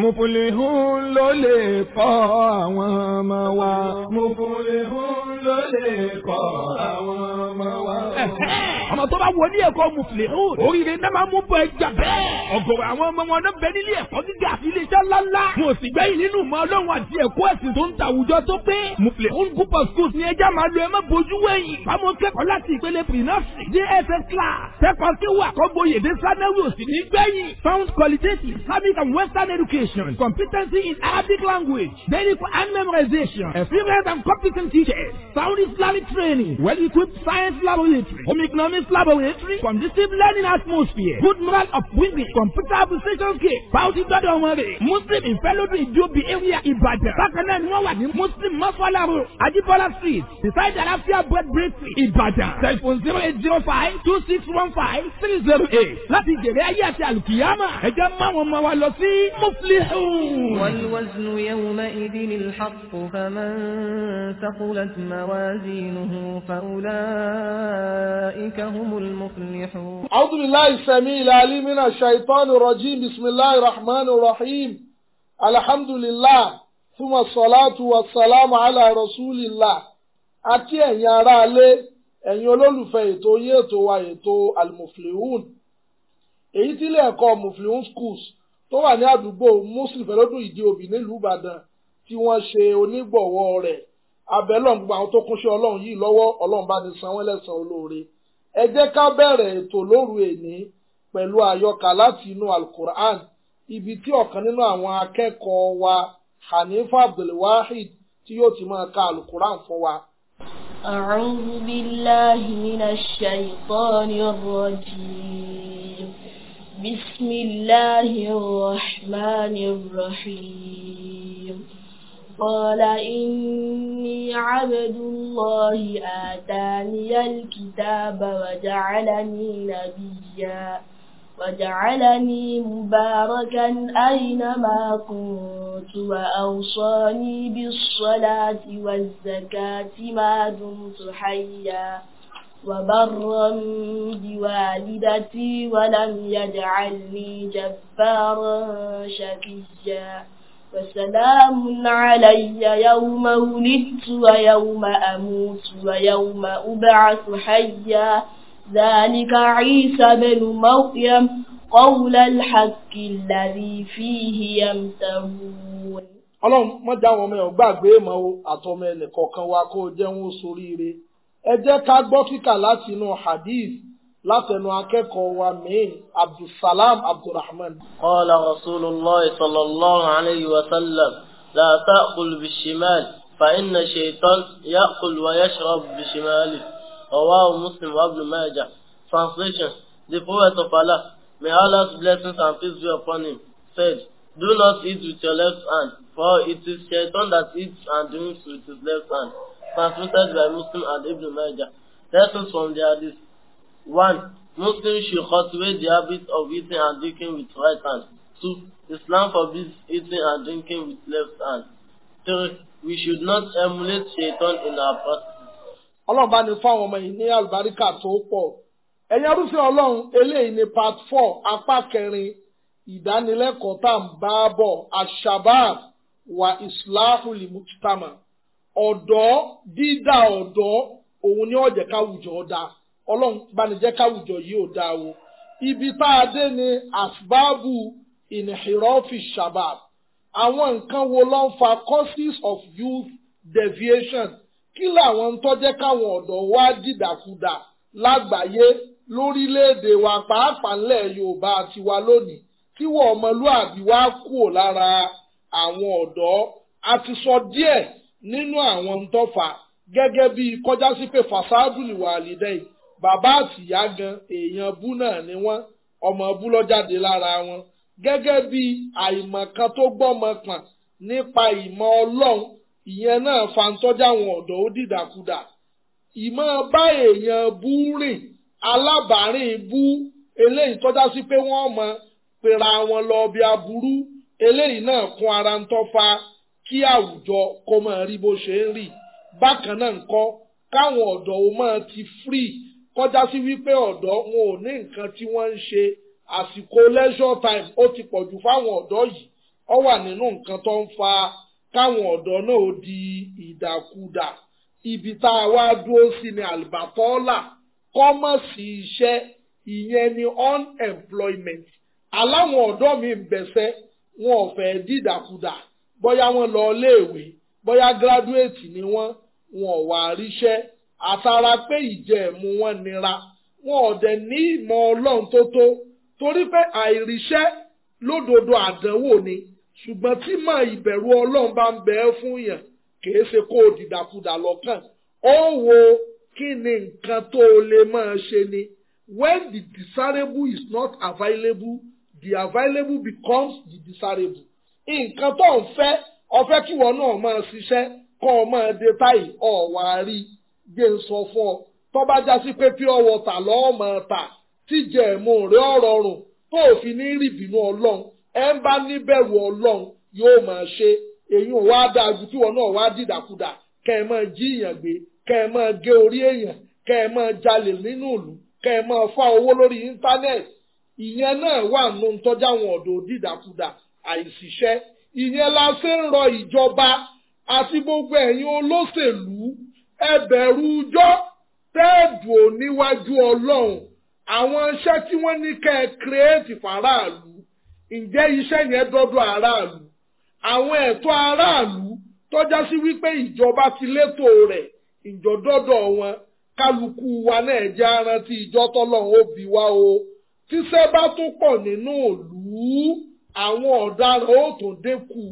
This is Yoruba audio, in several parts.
Mupulihun ló lè kọ́ àwọn ọmọ wa. Mupulihun ló lè kọ́ àwọn ọmọ wa. ọmọ tó bá wọ ní ẹ̀kọ́ mùsùlùmí oríire náà máa mú bọ ẹja bẹ́ẹ̀. ọ̀gọ̀rọ̀ àwọn ọmọ wọn náà bẹ nílé ẹ̀kọ́ gíga àti iléeṣẹ́ ńláńlá. mo sì gbẹ́yìn nínú ìmọ̀ ọlọ́run àti ẹ̀kọ́ ẹ̀sìn tó ń ta àwùjọ tó pé. mùsùlùmí gúpọ̀ schools ni ẹja máa lo ẹ má bojú wẹ̀yìn. bámu kẹ́kọ̀ọ́ láti ìpele pre-nursery dss class. kẹ́kọ̀ọ́ sí wà kọ́gboyè dé ní gbẹ̀yìn. sound qualitative Islamic and Western education competency in Arabic language. Medical and memorization. Experience and competent teachers sound Islamic training, well-equipped science laboratory, home economics laboratory, conducive learning atmosphere, good moral of women, computer application kit, bounty gbọ́dọ̀ wọn rè. Muslim ìfẹ́lódún ìjọbi area Ìbàdàn. Bákan náà ni wọ́n wà ní Muslim Mọ́fọ́láro, Ajibola street, beside Alafia bread bakery, Ìbàdàn. Telephone zero eight zero five two six one five three zero eight. Láti jèrè ayé àti àlùkìyámà, ẹ jẹ́ mọ́ àwọn ọmọ wa lọ sí Muflihun. Wal waznu yawma idhin al-haqq faman thaqulat ma موازينه فأولئك هم المفلحون أعوذ بالله السميع العليم من الشيطان الرجيم بسم الله الرحمن الرحيم الحمد لله ثم الصلاة والسلام على رسول الله àti ẹ̀yin aráalé ẹ̀yin olólùfẹ́ ètò yín ètò wa ètò almuflihun èyí tí ilé ẹ̀kọ́ muflihun schools tó wà ní àdúgbò muslim fẹ́lọ́dún ìdí òbí nílùú ìbàdàn tí wọ́n ṣe onígbọ̀wọ́ rẹ̀ abẹ́lọ́n gbogbo àwọn tó kúnṣẹ́ ọlọ́run yìí lọ́wọ́ ọlọ́run bá ní san wọ́n lẹ́san olóore ẹ jẹ́ ká bẹ̀rẹ̀ ètò lóru èní pẹ̀lú àyọkà láti inú alukur'an ibi tí ọ̀kan nínú àwọn akẹ́kọ̀ọ́ wa hanifa abdulwahid tí yóò ti máa ka alukur'an fún wa. أعوذ بالله من الشيطان الرجيم بسم الله الرحمن الرحيم قال إني عبد الله آتاني الكتاب وجعلني نبيا وجعلني مباركا أينما كنت وأوصاني بالصلاة والزكاة ما دمت حيا وبرا بوالدتي ولم يجعلني جبارا شفيا فسلام علي يوم ولدت ويوم أموت ويوم أبعث حيا ذلك عيسى بن مريم قول الحق الذي فيه يمترون ọlọ́run mọ́ já àwọn ọmọ ẹ̀ gbàgbé ìmọ̀ àtọmọ ẹnì kọ̀ọ̀kan wa kó jẹ́ wọn sóríire ẹ jẹ́ ká gbọ́ kíkà láti inú hadith látẹnu akẹ́kọ̀ọ́ wa miin abdulsalam abdulrahman. qala rasulillah sallallahu alayhi wa sallam la ta'kul bishimal fa inna shaitan ya'kul wa yashrab bishimali rawahu muslim wa ibn majah. translation the prophet of allah may allah's blessings and peace be upon him said do not eat with your left hand for it is shaitan that eats and drinks with his left hand transmitted by muslim and ibn majah lessons from the hadith. One, Muslims should cultivate the habit of eating and drinking with right hand. Two, Islam forbids eating and drinking with left hand. Three, we should not emulate Shaitan in our practices. Ọlọ́run bá ní fún àwọn ọmọ yìí ní àlùbáríkà tó pọ̀. Ẹ̀yin arúfin Ọlọ́run eléyìí ni part four apá kẹrin ìdánilẹ́kọ̀ọ́ tá à ń bá bọ̀ Ashabab wa Islahu Limujtama. Ọ̀dọ́ dídá ọ̀dọ́ òun ni ọ̀jẹ̀ká àwùjọ dáa ọlọ́run banijẹ́ káwùjọ yìí ò dáa o ibi tá a dé ni asbabu inhirafi shabab àwọn nǹkan wo ló ń fa causes of youth deviation kí làwọn ń tọ́jẹ́ káwọn ọ̀dọ́ wa dìdàkudà lágbàáyé lórílẹ̀‐èdè wa pàápàá ńlẹ̀ yorùbá tiwa lónìí tí wọ́n ọmọlúàbí wa kúrò lára àwọn ọ̀dọ́ a ti sọ díẹ̀ nínú àwọn ń tọ́fà gẹ́gẹ́ bí kọjá sí pé fasádùn ìwà bàbá àtìyá gan èèyàn bú náà ni wọ́n ọmọ bú ló jáde lára wọn gẹ́gẹ́ bí àìmọ̀ kan tó gbọ́mọ pọ̀n nípa ìmọ̀ ọlọ́run ìyẹn náà fa ń tọ́jà àwọn ọ̀dọ́ ó dìdàkudà ìmọ̀ bá èèyàn bú rìn alábàárìn bú eléyìí tọ́já sí pé wọ́n mọ pera wọn lọ bí aburú eléyìí náà kún ara ń tọ́fa kí àwùjọ kó máa rí bó ṣe ń rí bákan náà ń kọ́ káwọn ọ̀dọ́ ó máa ti free kọjá sí wípé ọ̀dọ́ wọn ò ní nǹkan tí wọ́n ń ṣe àsìkò leisure time ó ti pọ̀ jù fáwọn ọ̀dọ́ yìí ó wà nínú nǹkan tó ń fa káwọn ọ̀dọ́ náà di ìdàkudà ibi tá a wá dúró sí ni àlùbátọ́ọ́là kọ́mọ̀sì iṣẹ́ ìyẹn ni unemployment aláwọn ọ̀dọ́ mi ń bẹ̀sẹ̀ wọn ò fẹ́ dìdàkudà bóyá wọn lọ iléèwé bóyá graduate ni wọ́n wọn ò wá ríṣẹ́ àtàrà pé ìjẹ̀mú wọn nira wọn ò ní ìmọ̀ ọlọ́run tó tó torí pé àìríṣẹ́ lódodo àdánwò ni ṣùgbọ́n tí mọ̀ ìbẹ̀rù ọlọ́run bá ń bẹ́ẹ̀ fún yàn kìí ṣe kó o dìdàkudà lọ́kàn ó wo kí ni nǹkan tó o lè máa ṣe ni when the desirable is not available the available becomes the desirable nǹkan tó ń fẹ́ ọ̀fẹ́ kí wọn náà máa ṣiṣẹ́ kọ́ ọ máa dé táyì ọ̀wá rí i jẹ́ ń sọ fún ọ tó bá já sí pé pure water lọ́ọ́ mọ̀ ta tí jẹ̀mú rẹ̀ ọ̀rọ̀ rùn tó fi ní rí ìbínú ọlọ́run ẹ̀ ń bá níbẹ̀rù ọlọ́run yóò máa ṣe èyí ò wá dáa ju kí wọn náà wá dìdàkudà kẹ́ ẹ máa jí èèyàn gbé kẹ́ ẹ máa gé orí èèyàn kẹ́ ẹ máa jalè nínú ìlú kẹ́ ẹ máa fa owó lórí íńtánẹ́ẹ̀tì ìyẹn náà wà nù ń tọ́jà àwọn ọ̀dọ́ dìdàkudà àìsíṣẹ́ ìyẹn la ń rọ ìjọba àti gbogbo ẹ̀yin olóṣèlú ẹbẹ̀rù ijọ́ tẹ́ẹ̀dù ò níwájú ọlọ́run àwọn iṣẹ́ tí wọ́n ní kẹ́ ẹ kírẹ́ẹ̀tì fàráàlú ǹjẹ́ iṣẹ́ yẹn dọ́dọ̀ aráàlú àwọn ẹ̀tọ́ aráàlú tọ́já sí wípé ìjọba ti létò rẹ̀ ìjọdọ́dọ̀ wọn kálukú wa náà jẹ́ arántí ìjọ tọ́lọ́run ó bí wa o tíṣẹ́ bá tún pọ̀ nínú ìlú àwọn ọ̀daràn ó tún dínkù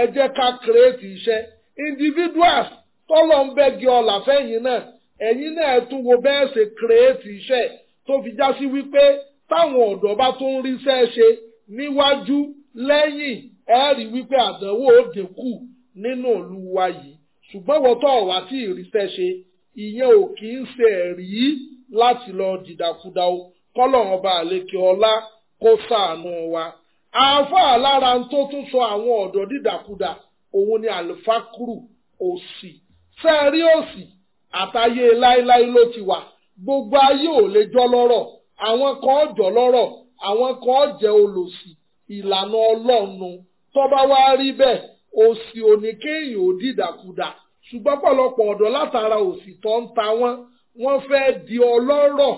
ẹ ká kírẹ́ẹ̀tì iṣẹ́ individuals tọ́lọ̀ ń bẹ́gi ọ̀là fẹ́yìn náà ẹ̀yin náà tún wo bẹ́ẹ̀ ṣe kírèétì iṣẹ́ tó fi já sí wípé táwọn ọ̀dọ́ bá tún rí iṣẹ́ ṣe níwájú lẹ́yìn ẹ rí wípé àdánwò òde kù nínú ìlú wa yìí ṣùgbọ́n wọ́n tọ́ ọ̀wá tí ìrìṣẹ́ ṣe ìyẹn ò kì í ṣe ẹ̀rí láti lọ dìdàkudà o kọ́lọ́run ọba àlekè ọlá kó ṣàánú wa àáfàá lára tó tún sọ àwọn ọ̀dọ́ dìdàkudà òun ni àlùfákùrù òsì ṣé ẹ rí òsì àtayé láéláé ló ti wà gbogbo ayé ò lè jọ lọ́rọ̀ àwọn kan jọ lọ́rọ̀ àwọn kan jẹ́ olòṣì ìlànà ọlọ́run tó bá wá rí bẹ́ẹ̀ òsì òní kéèyàn ò dìdàkudà ṣùgbọ́n pọ̀lọpọ̀ ọ̀dọ́ látara òsì tó ń ta wọ́n wọ́n fẹ́ di ọlọ́rọ̀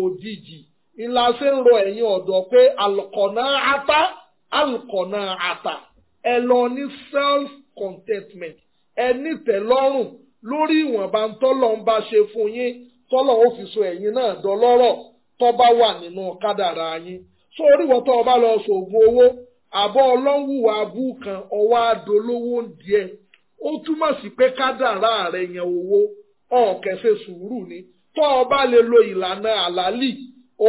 òjijì ńlá ṣe ń rọ ẹ̀yin ọ̀dọ́ pé alùkọ̀nà ata alùkọ̀nà ata ẹ lọ ní self contentment ẹ nítẹ̀lọ́rùn lórí ìwọ̀nba tọ́lọ̀ ń bá ṣe fún yín tọ́lọ̀ ó fi so ẹ̀yin náà dọlọ́rọ̀ tó bá wà nínú kádàrá yín sórí wọ́n tó o bá lọ sògùn owó àbọ̀ ọlọ́wùwà abú kan ọwọ́ adolówó díẹ̀ ó túmọ̀ sí pé kádàrá rẹ̀ yẹn owó ọ̀kẹ́sẹ̀ sùúrù ni tó o bá lè lo ìlànà àlálì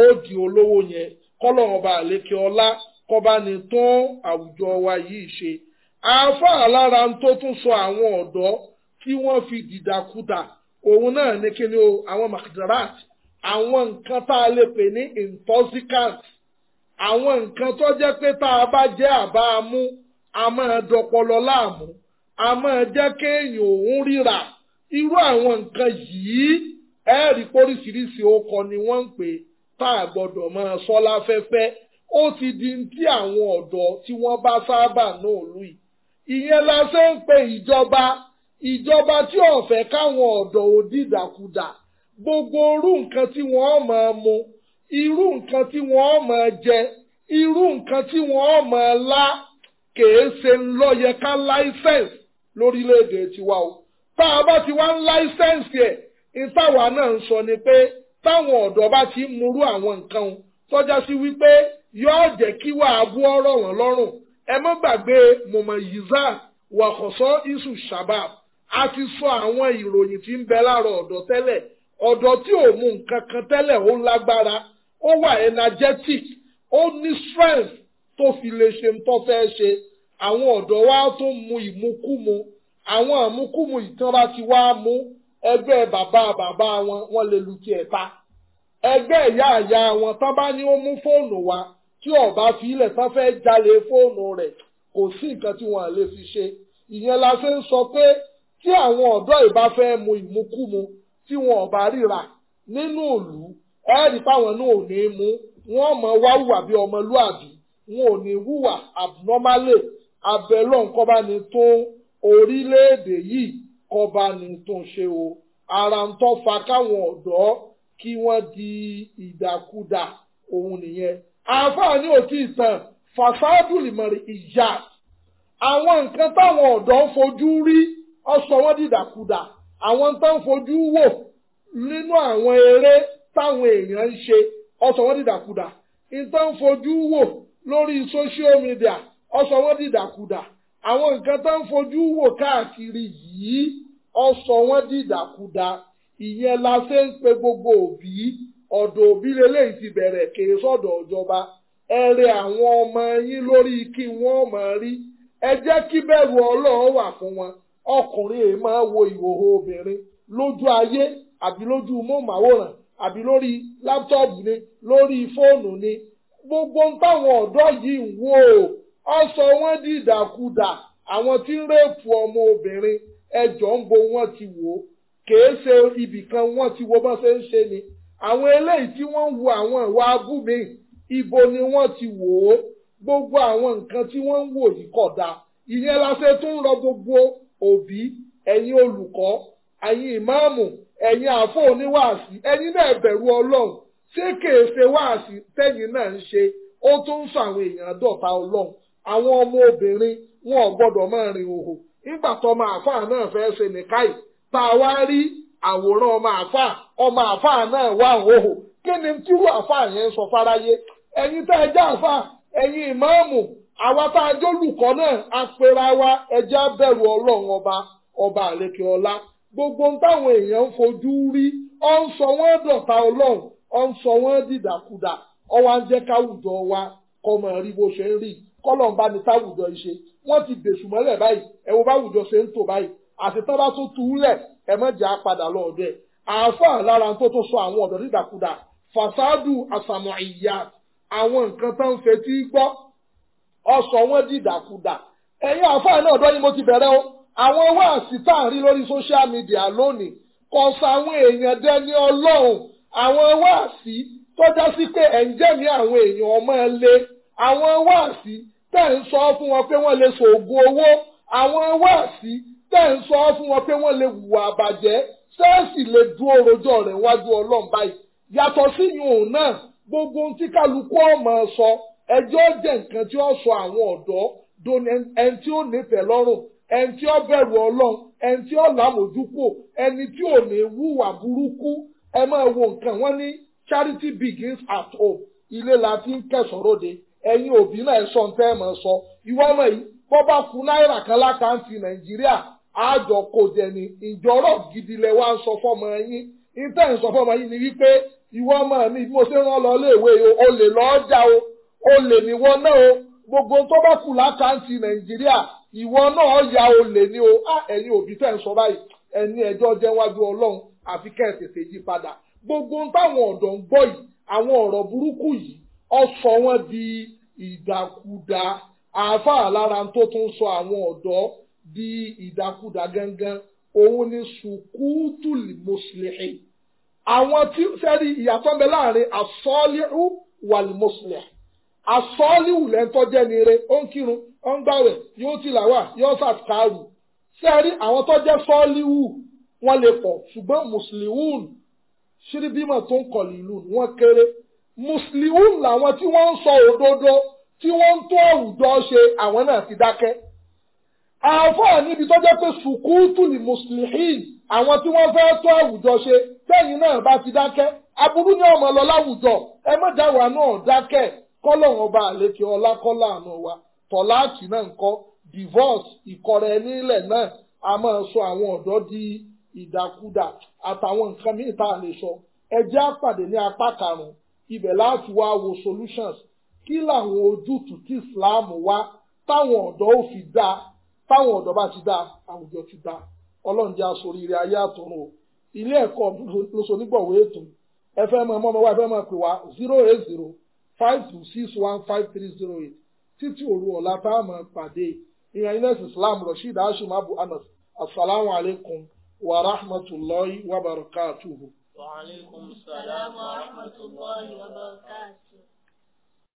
ó di olówó yẹn kọ́lọ̀ ọba àlékè ọlá kọba ni tún àwùjọ wa yìí ṣe àáfàá lára tó tún sọ àwọn ọ̀dọ́ tí wọ́n fi dìdàkudà òun náà ní kí ni o àwọn makdarat àwọn nǹkan tá a lè pè ní intoxicant àwọn nǹkan tó jẹ́ pé tá a bá jẹ́ àbá amú a máa dọpọlọ láàmú a máa jẹ́ kéèyàn òun ríra irú àwọn nǹkan yìí ẹ̀ẹ́rì póríṣiríṣi ọkọ ni wọ́n ń pè tá a gbọ́dọ̀ máa sọ láfẹ́fẹ́ ó ti di ti àwọn ọ̀dọ́ tí wọ́n bá sábà náà lù yìí ìyẹn la ṣe ń pe ìjọba ìjọba tí ò fẹ́ káwọn ọ̀dọ́ ò dìdàkudà gbogbo irú nǹkan tí wọ́n máa mu irú nǹkan tí wọ́n máa jẹ irú nǹkan tí wọ́n máa lá kèé ṣe ń lọ yẹ ká láísẹ̀nsì lórílẹ̀‐èdè tiwa o tá a bá ti wá ń láísẹ̀nsì ẹ̀ ìtawà náà ń sọ ni pé táwọn ọ̀dọ́ bá ti ń murú àwọn nǹkan o tọ́já sí wípé yóò jẹ́ kí wàá bú ọ̀rọ̀ wọn lọ́rùn ẹ má gbàgbé mọ̀mọ́ yìí zá wàkọ̀sọ́ isu shabab a ti sọ àwọn ìròyìn tí ń bẹ láàrọ̀ ọ̀dọ́ tẹ́lẹ̀ ọ̀dọ́ tí ò mú nǹkan kan tẹ́lẹ̀ ó lágbára ó wà energetic ó ní strength tó fi lè ṣe tó fẹ́ ṣe àwọn ọ̀dọ́ wa tó mu ìmukúmu àwọn àmukúmu ìtanra ti wá mú ẹgbẹ́ bàbá bàbá wọn wọ́n lè lu ti ẹ̀ta ẹgbẹ́ ìyá àyà wọn tán bá ní ó mú fóònù wa tí ọba fi ilẹ̀ tán fẹ́ jalè fóònù rẹ̀ kò sí nǹkan tí wọ́n lè fi ṣe ìyẹn la ṣe ń sọ pé tí àwọn ọ̀dọ́ ìbá fẹ́ mu ìmukúmu tí wọn ò bá ríra nínú ìlú ẹ̀rí táwọn náà ò ní mú wọn mọ wá hùwà bí ọmọlúàbí wọn ò ní hùwà abnormally abẹ́lọ́ nǹkan bá tó orílẹ̀ yìí kọ́ bá ní tó ṣe o ara ń tọ́ fa káwọn ọ̀dọ́ kí wọ́n di ìdàkudà òun nìyẹn àǹfààní òtí ìtàn fàṣádùlìmọ̀rì ìjà àwọn nǹkan táwọn ọ̀dọ́ ń fojú rí ó sọ wọ́n dìdàkudà àwọn tó ń fojú wò nínú àwọn eré táwọn èèyàn ń ṣe ó sọ dìdàkudà ìtọ́ ń fojú wò lórí social media ó sọ wọ́n dìdàkudà àwọn nǹkan tó ń fojú wò káàkiri yìí ó sọ wọ́n dìdàkudà ìyẹn la ṣe ń pe gbogbo òbí ọ̀dọ̀ òbí lélẹ́yìí ti bẹ̀rẹ̀ kèé sọ̀dọ̀ ìjọba ẹ àwọn ọmọ yín lórí kí wọ́n máa rí ẹ jẹ́ kí bẹ̀rù Ọlọ́run wà fún wọn ọkùnrin èè máa wo ìhòòhò obìnrin lójú ayé àbí lójú móhùnmáwòrán àbí lórí láptọ́ọ̀bù ni lórí fóònù ni gbogbo ń táwọn ọ̀dọ́ yìí ń wò ó sọ wọ́n di ìdàkudà àwọn tí ń rèèpù ọmọ obìnrin ẹjọ́ ń bo wọ́n ti wò ó kèé ṣe ibìkan wọ́n ti wo bọ́n ṣe ń ṣe ni àwọn eléyìí tí wọ́n ń wo àwọn ìwà abúmi ibo ni wọ́n ti wò ó gbogbo àwọn nǹkan tí wọ́n ń wò yìí kódà ìyẹn la ṣe tún ń rọ gbogbo òbí ẹ̀yin olùkọ́ ẹ̀yin ìmáàmù ẹ̀yin àfọ oníwàásí ẹ̀yin náà bẹ̀rù ọlọ́run ṣé kèé ṣe wàásí tẹ́yin náà ń ṣe ó tún ń sọ àwọn èèyàn dọ̀tá ọlọ́run àwọn ọmọ obìnrin wọn ò gbọ́dọ̀ máa rìn òhò nígbà tó ọmọ àáfàá náà fẹ́ ṣe nìkáì tá a wá rí àwòrán ọmọ àáfàá ọmọ àáfàá náà wà òhò kí ni tírú àáfàá yẹn sọ fáráyé ẹ̀yin tá ẹ já àáfàá ẹ̀yin ìmáàmù àwa tá a jólùkọ́ náà apẹ̀rẹ̀ wa ẹja bẹ̀rù ọlọ́run ọba ọba àlekè ọlá gbogbo ń táwọn èèyàn ń fojú rí ọ ń sọ wọ́n dọ̀tá ọlọ́run ọ ń sọ wọ́n dìdàkudà ọ wá ń jẹ́ káwùjọ wa kọ́ mọ̀ rí bó ṣe ń rí kọ́lọ̀ ń bá ní táwùjọ ìṣe wọ́n ti dèṣù mọ́lẹ̀ báyìí ẹ wo báwùjọ ṣe ń tò báyìí àti tán bá tún tu lẹ̀ ẹ mọ̀ jẹ́ apadà lọ́ọ̀dẹ àáfàá lára tó tún sọ àwọn ọ̀dọ́ dìdàkudà fàṣádù àsàmọ̀ ìyá àwọn nǹkan tó ń fetí gbọ́ ọ̀sọ̀ wọn di ìdàkudà ẹ̀yin àfáà náà dọ́yìn mo ti bẹ̀rẹ̀ o àwọn wáàsí tá à ń rí lórí social media lónìí kò sáwọn èèyàn dẹni ọlọ́run àwọn wáàsí tó já sí pé ẹ̀ ń jẹ́mi àwọn èèyàn ọmọ ẹ lé àwọn wáàsí tẹ̀ ń sọ fún wọn pé wọ́n lè ṣòògùn owó àwọn wáàsí tẹ̀ ń sọ fún wọn pé wọ́n lè hùwà àbàjẹ́ sẹ́ẹ̀sì lè dúró rojọ́ rẹ̀ wájú ọlọ́run báyìí yàtọ̀ síyùn náà gbogbo ohun tí kálukú ọmọ sọ ẹjọ́ jẹ́ nǹkan tí ó sọ àwọn ọ̀dọ́ ẹni tí ó nífẹ̀ẹ́ lọ́rùn ẹni tí ó bẹ̀rù ọlọ́run ẹni tí ó làmójúpò ẹni tí ò ní wúwà burúkú ẹ máa wo nǹkan wọ́n ní charity begins at home ilé la ti ń kẹsàn-án ròde ẹ̀yin òbí náà sọ ń tẹ́ ẹ̀ mọ̀ sọ ìwọ ọmọ yìí bọ́ bá fún náírà kan lákàntì nàìjíríà àjọ kò jẹ́ ni ìjọ́rọ̀ gidi lẹ wá ń sọ fọ́mọ yín ìtẹ̀ ń sọ fọ́mọ yín ni wípé ìwọ ọmọ mi mo ṣe ń rán lọ léèwé o lè lọ́ọ́ já o olè níwọ náà o gbogbo tó bá kù lákàntì nàìjíríà ìwọ náà ya olè ni o á ah, ẹ̀yin òbí tẹ̀ ń sọ báyìí ẹni ẹjọ́ jẹ́ wájú ọlọ́run àfi kẹ́ ẹ̀ tètè yí padà gbogbo táwọn ọ̀dọ́ ń gbọ́ yìí àwọn ọ̀rọ̀ burúkú yìí ó sọ wọ́n di ìdàkudà àáfàá lára tó tún sọ àwọn ọ̀dọ́ di ìdàkudà gangan òun ni sùkúùtùlì mùsùlùmí àwọn tí sẹ́rí ìyàtọ̀ bẹ láàrin àsọ́lẹ́hù wàlmùsùlùmí asọ́ọ́líwù lẹ́ńtọ́ jẹ́ nire ó ń kírun ó ń gbàwẹ̀ yóò ti làwà yóò ṣàtàrù sẹ́ẹ̀rí àwọn tó jẹ́ sọ́ọ́líwù wọ́n lè pọ̀ ṣùgbọ́n mùsùlùmùn ṣíríbímọ̀ tó ń kọ̀ lílù wọ́n kéré mùsùlùmùn làwọn tí wọ́n ń sọ òdodo tí wọ́n ń tó àwùjọ ṣe àwọn náà ti dákẹ́ àáfàá níbi tó jẹ́ pé sùkúùtù ní mùsùlùmùn àwọn tí wọ́n fẹ́ tó àwùjọ ṣe tẹ́yìn náà bá ti dákẹ́ aburú ni ọmọ lọ láwùjọ ẹ mọ̀jáwá náà dákẹ́ kọ́lọ́hún ọba àlékè ọlá kọ́lá àánú wa tọ́láàkì náà ń kọ́ divorce ìkọrẹ nílẹ̀ náà a máa sọ àwọn ọ̀dọ́ di ìdàkudà àtàwọn nǹkan míì tá a lè sọ ẹ àpàdé ní apá karùn-ún ibẹ̀ láti wá wo solutions kí làwọn ojútùú tí Islam wá táwọn ọ̀dọ́ ò fi dáa táwọn ọ̀dọ́ bá ti dáa àwùjọ ti dáa ọlọ́run jẹ́ aṣoríire ayé àtọ̀run o ilé ẹ̀kọ́ lóṣonígbọ̀wé ètò ẹ fẹ́ mọ ọmọ wa ẹ fẹ́ mọ pè wá zero eight zero five two six one five three zero eight títí òru ọ̀la tá a máa pàdé ìyẹn ines islam rasheed hashim abu anas asalaamu alaykum wa rahmatulahi wa barakatuhu. wa aleykum salaam wa rahmatulahi wa barakatuhu.